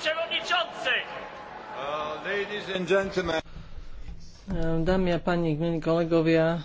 przewodniczący! Ehm, dámy a páni, milí kolegovia,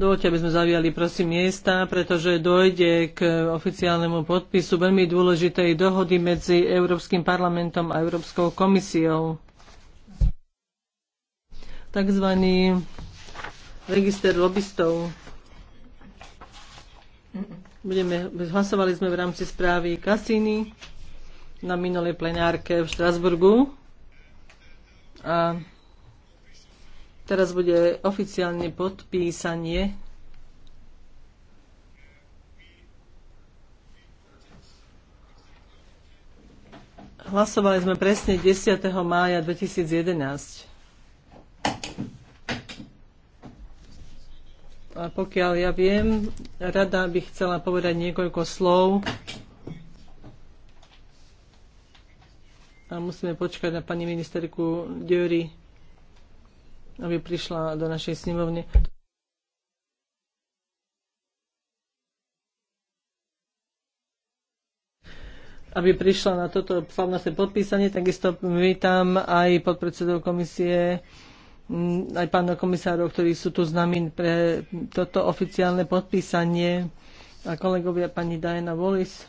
Dovoľte, aby sme zaviali prosím miesta, pretože dojde k oficiálnemu podpisu veľmi dôležitej dohody medzi Európskym parlamentom a Európskou komisiou. Takzvaný register lobbystov. Budeme, hlasovali sme v rámci správy Kasíny na minulej plenárke v Štrasburgu. A teraz bude oficiálne podpísanie Hlasovali sme presne 10. mája 2011. pokiaľ ja viem, rada by chcela povedať niekoľko slov. A musíme počkať na pani ministerku Dury, aby prišla do našej snemovne. aby prišla na toto slavnostné podpísanie. Takisto vítam aj podpredsedov komisie Mm, aj pánov komisárov, ktorí sú tu s nami pre toto oficiálne podpísanie a kolegovia pani Diana Wallis,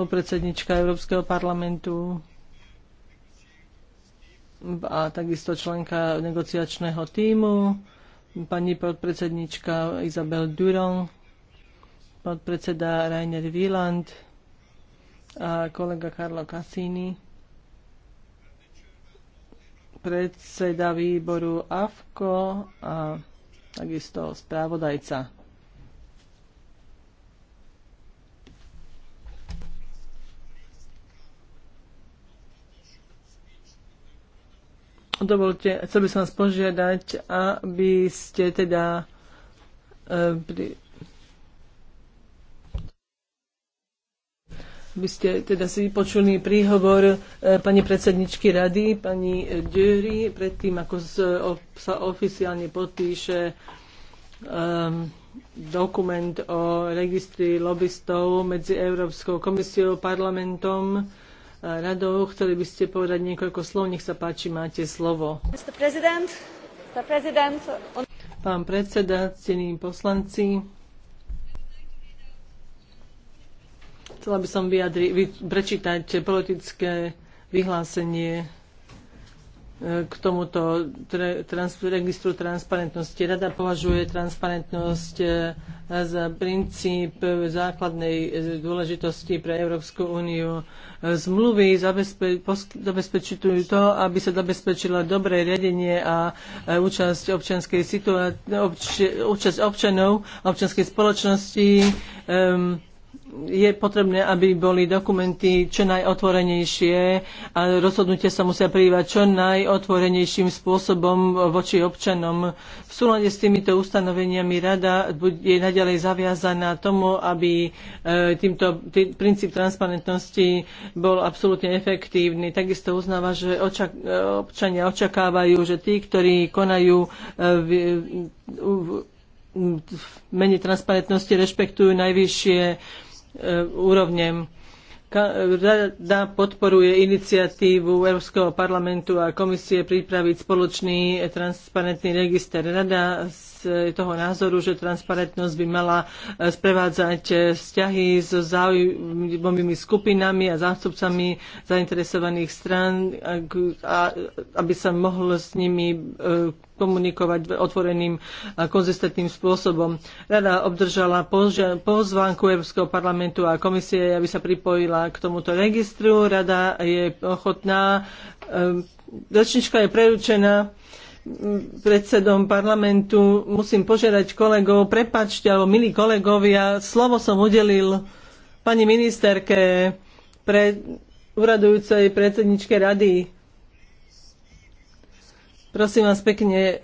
podpredsednička Európskeho parlamentu a takisto členka negociačného týmu, pani podpredsednička Isabel Duron, podpredseda Rainer Wieland a kolega Karlo Cassini predseda výboru AFKO a takisto správodajca. Dovolte, chcel by som vás požiadať, aby ste teda eh, pri, by ste teda si vypočuli príhovor e, pani predsedničky rady, pani Dury, predtým, ako sa oficiálne podpíše um, dokument o registri lobbystov medzi Európskou komisiou, parlamentom, radou. Chceli by ste povedať niekoľko slov, nech sa páči, máte slovo. Mr. President, Pán predseda, cení poslanci, Chcela by som vyjadri, vy, prečítať politické vyhlásenie e, k tomuto tre, trans, registru transparentnosti. Rada považuje transparentnosť e, za princíp základnej e, dôležitosti pre Európsku úniu. Zmluvy zabezpe, zabezpečujú to, aby sa zabezpečilo dobré riadenie a účasť, občanskej situá- obč- účasť občanov, občanskej spoločnosti. Um, je potrebné, aby boli dokumenty čo najotvorenejšie a rozhodnutia sa musia prívať čo najotvorenejším spôsobom voči občanom. V súlade s týmito ustanoveniami rada je naďalej zaviazaná tomu, aby e, týmto tý, princíp transparentnosti bol absolútne efektívny. Takisto uznáva, že očak, e, občania očakávajú, že tí, ktorí konajú e, v, v, v, v mene transparentnosti rešpektujú najvyššie E, úrovne. Rada podporuje iniciatívu Európskeho parlamentu a komisie pripraviť spoločný transparentný register. Rada toho názoru, že transparentnosť by mala eh, sprevádzať eh, vzťahy so záujmovými skupinami a zástupcami zainteresovaných strán, aby sa mohlo s nimi eh, komunikovať otvoreným a konzistentným spôsobom. Rada obdržala pozvánku Európskeho parlamentu a komisie, aby sa pripojila k tomuto registru. Rada je ochotná. Rečnička je preručená predsedom parlamentu musím požiadať kolegov, prepačte, alebo milí kolegovia, slovo som udelil pani ministerke pre uradujúcej predsedničke rady. Prosím vás pekne,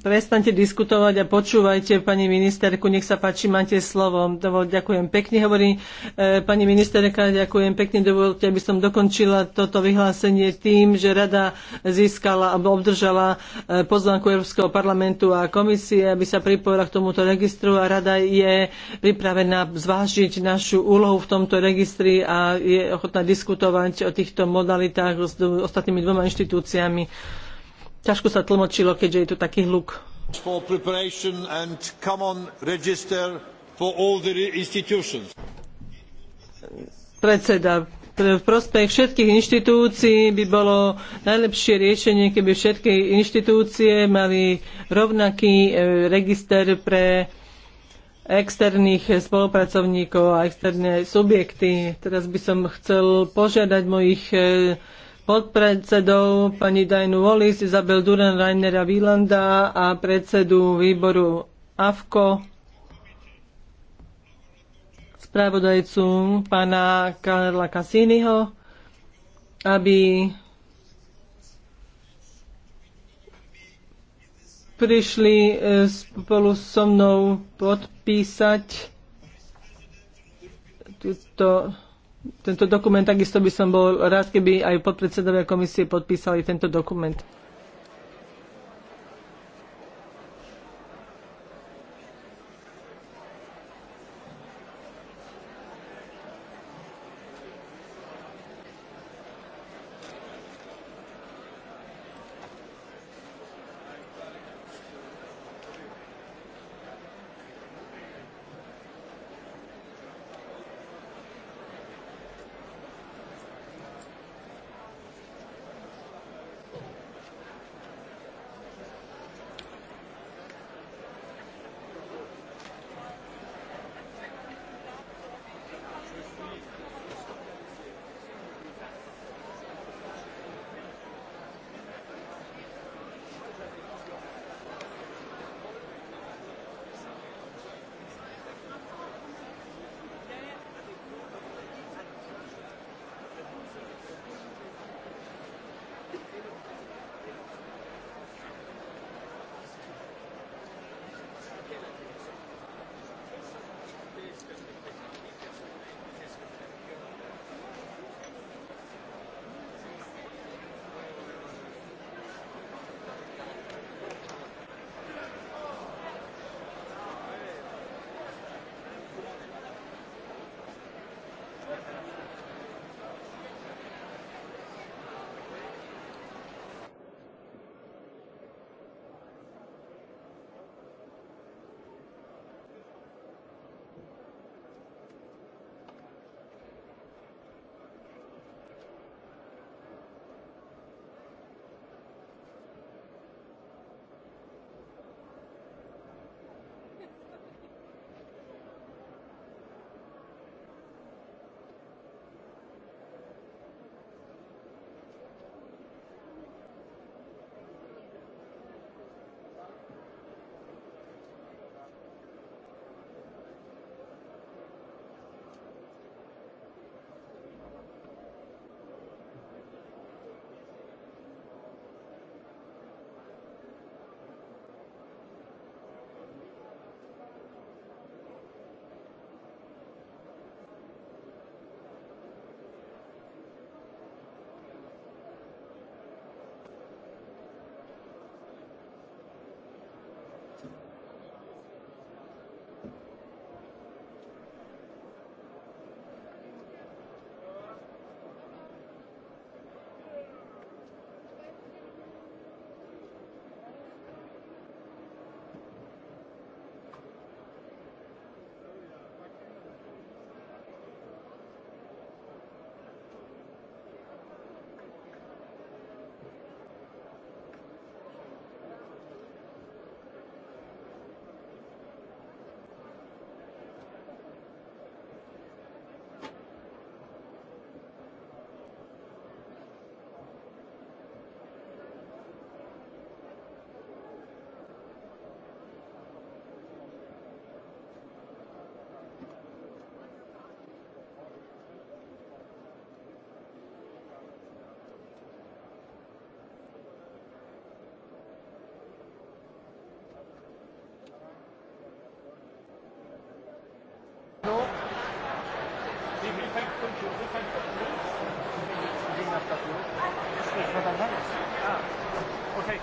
prestante diskutovať a počúvajte pani ministerku, nech sa páči, máte slovo. Dovol, ďakujem pekne, hovorí e, pani ministerka, ďakujem pekne, dovolte, aby som dokončila toto vyhlásenie tým, že rada získala alebo obdržala e, pozvánku Európskeho parlamentu a komisie, aby sa pripojila k tomuto registru a rada je pripravená zvážiť našu úlohu v tomto registri a je ochotná diskutovať o týchto modalitách s ostatnými dvoma inštitúciami Ťažko sa tlmočilo, keďže je tu taký hluk. Predseda, v prospech všetkých inštitúcií by bolo najlepšie riešenie, keby všetky inštitúcie mali rovnaký e, register pre externých spolupracovníkov a externé subjekty. Teraz by som chcel požiadať mojich e, podpredsedov pani Dajnu Wallis, Izabel Duran, Rainera Wielanda a predsedu výboru AFKO spravodajcu pána Karla Cassiniho, aby prišli eh, spolu so mnou podpísať túto tento dokument, takisto by som bol rád, keby aj podpredsedovia komisie podpísali tento dokument. Okay.